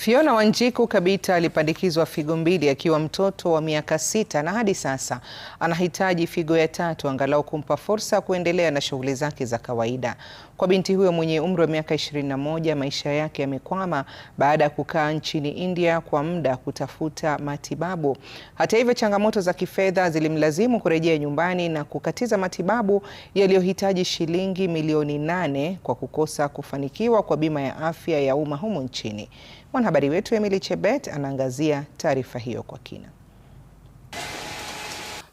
Fiona Wanjiku Kabita alipandikizwa figo mbili akiwa mtoto wa miaka sita na hadi sasa anahitaji figo ya tatu angalau kumpa fursa ya kuendelea na shughuli zake za kawaida. Kwa binti huyo mwenye umri wa miaka 21, maisha yake yamekwama baada ya kukaa nchini India kwa muda kutafuta matibabu. Hata hivyo, changamoto za kifedha zilimlazimu kurejea nyumbani na kukatiza matibabu yaliyohitaji shilingi milioni nane kwa kukosa kufanikiwa kwa bima ya afya ya umma humu nchini. Mwanahabari wetu Emily Chebet anaangazia taarifa hiyo kwa kina.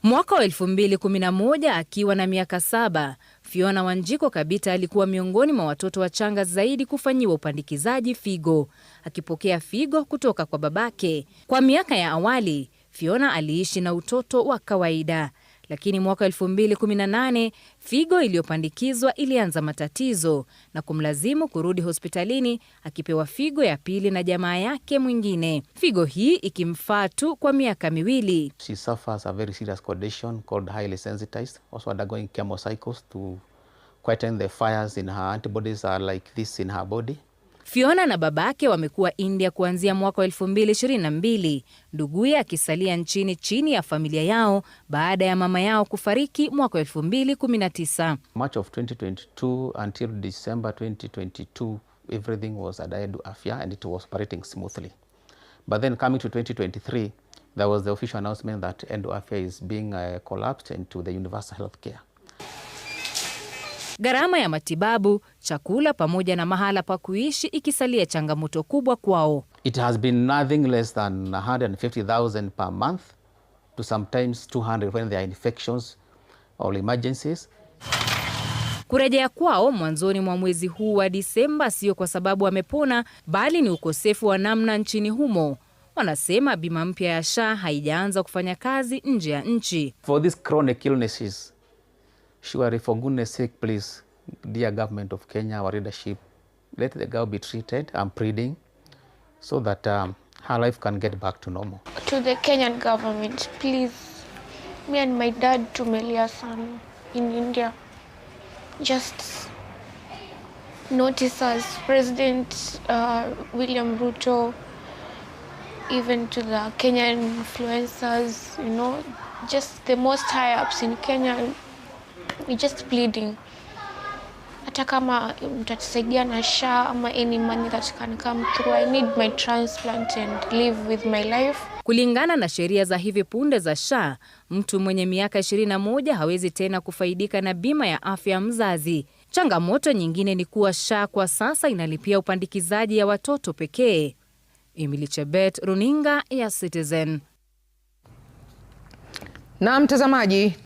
Mwaka wa 2011 akiwa na miaka saba, Fiona Wanjiko Kabita alikuwa miongoni mwa watoto wachanga zaidi kufanyiwa upandikizaji figo, akipokea figo kutoka kwa babake. Kwa miaka ya awali, Fiona aliishi na utoto wa kawaida lakini mwaka 2018 figo iliyopandikizwa ilianza matatizo na kumlazimu kurudi hospitalini akipewa figo ya pili na jamaa yake mwingine, figo hii ikimfaa tu kwa miaka miwili. She suffers a very serious condition called highly sensitized, also undergoing to quieten the fires in her antibodies are like this in her body. Fiona na babake wamekuwa India kuanzia mwaka wa 2022, nduguye akisalia nchini chini ya familia yao baada ya mama yao kufariki mwaka wa 2019. March of 2022 until December 2022 everything was adhered to afya and it was operating smoothly. But then coming to 2023 there was the official announcement that Endo Afya is being uh, collapsed into the universal Gharama ya matibabu, chakula pamoja na mahala pa kuishi ikisalia changamoto kubwa kwao. It has been nothing less than 150,000 per month to sometimes 200 when there are infections or emergencies. Kurejea kwao mwanzoni mwa mwezi huu wa Disemba sio kwa sababu wamepona, bali ni ukosefu wa namna nchini humo. Wanasema bima mpya ya SHA haijaanza kufanya kazi nje ya nchi. For these chronic illnesses Surely, for goodness sake, please, dear government of Kenya, our leadership, let the girl be treated. I'm pleading so that um, her life can get back to normal. To the Kenyan government, please, me and my dad Melia son in India. Just notice us, President uh, William Ruto, even to the Kenyan influencers, you know, just the most high ups in Kenya we're just pleading hata kama mtatusaidia na SHA ama any money that can come through. I need my transplant and live with my life. Kulingana na sheria za hivi punde za SHA, mtu mwenye miaka 21 hawezi tena kufaidika na bima ya afya mzazi. Changamoto nyingine ni kuwa SHA kwa sasa inalipia upandikizaji ya watoto pekee. Emily Chebet, runinga ya Citizen. Na mtazamaji